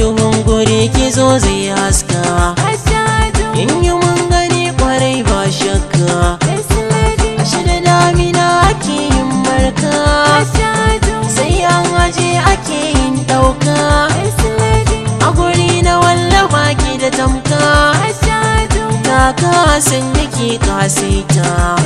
duhun guri ki zo zai haska in yi mun gani kwarai ba shakka a shida damina ake yin marka sai an haje ake yin ɗauka a guri na wallafa ki da tamka kaka san nake kasaita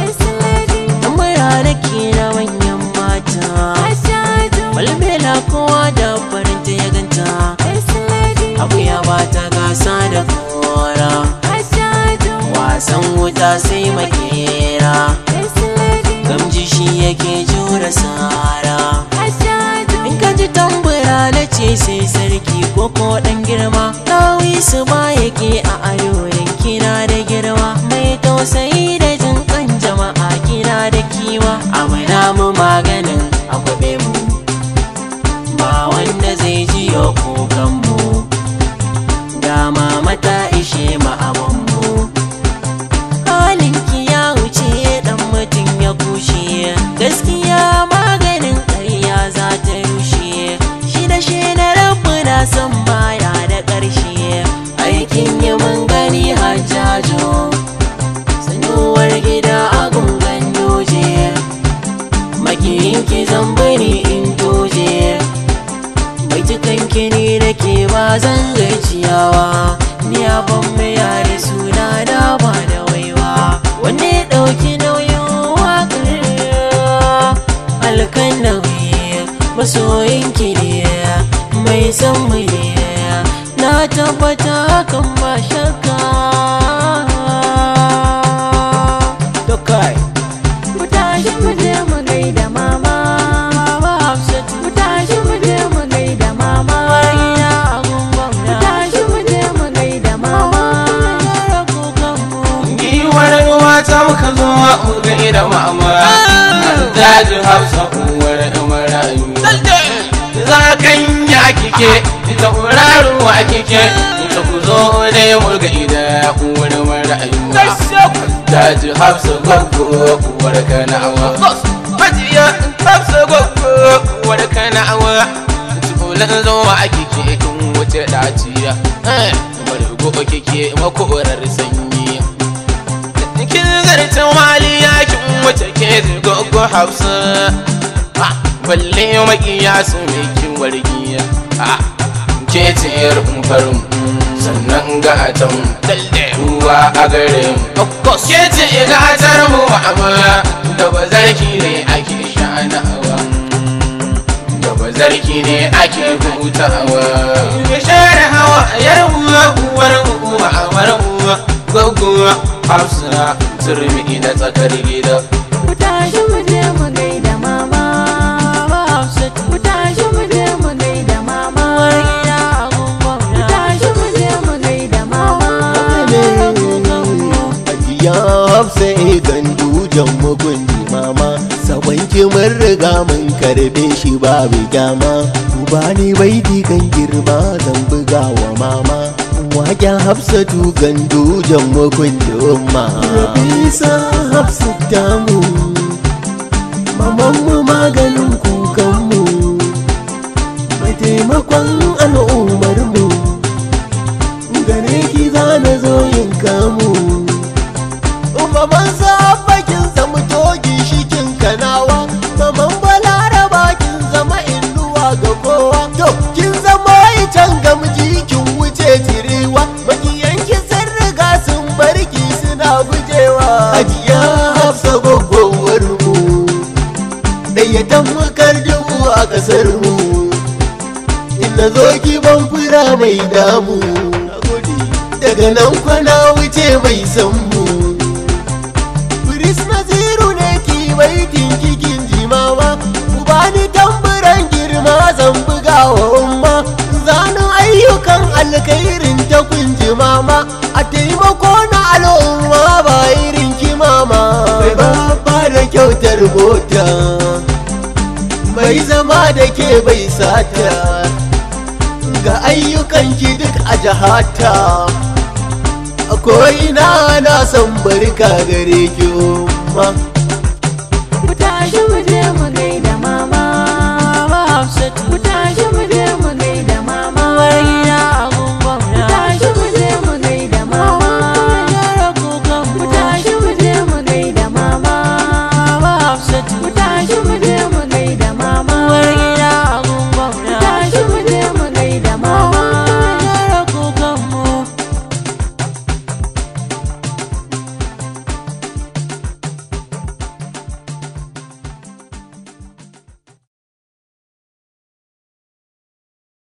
bani in doje mai kini da ke ba zan gajiyawa ni abon mai yare suna da ba da waiwa wanne dauki ɗauki nauyin waƙar alkan nauyi masoyin kiri mai san na tabbata kan ba shakka mu gaira mama Daji hafsa uwar marayu Zakan ya kike, ita uraruwa kike Ita ku zo ne mu gaida uwar marayu Daji hafsa gwaggo uwar kanawa Majiya hafsa gwaggo uwar kanawa Tulan zowa kike kin wuce daciya Margo kike makorar sanyi kin zarta waliya kin wuce ke da gogo hausa balle makiya su mai kin wargiya ke ce yar farin sannan gatan ruwa a garin ke ce gatar mu amma da bazarki ne ake shanawa da bazarki ne ake hutawa ya share hawa yar uwa uwar uwa hafsina turmi na tsakar gida ku tashi mu je mu gaida mama ba hafsa ku tashi mu je mu gaida mama ku tashi mu je mu gaida mama ya hafsa idan dujan mugunji mama sabanki mun riga mun karbe shi babu kyama ku bani baiti kan girma zan buga wa mama waken hafsatu gando jan makullin ma rabisa hafsu damu mamanmu maganin kukanmu mai taimakon al'ummarmu gare ki za na zo dan makar dubu a kasar mu inda zo ban fura mai damu daga nan kwana wuce mai san mu firis ne ki mai kinkikin jimawa ku bani tamburan girma zan buga wa umma zanen ayyukan alkhairin ta kun jimama a taimako na al'umma ba irin ki mama bai ba da kyautar mota bai zama da ke bai sata ga ayyukan ki duk a jahata a ko'ina na san barka gare ki ma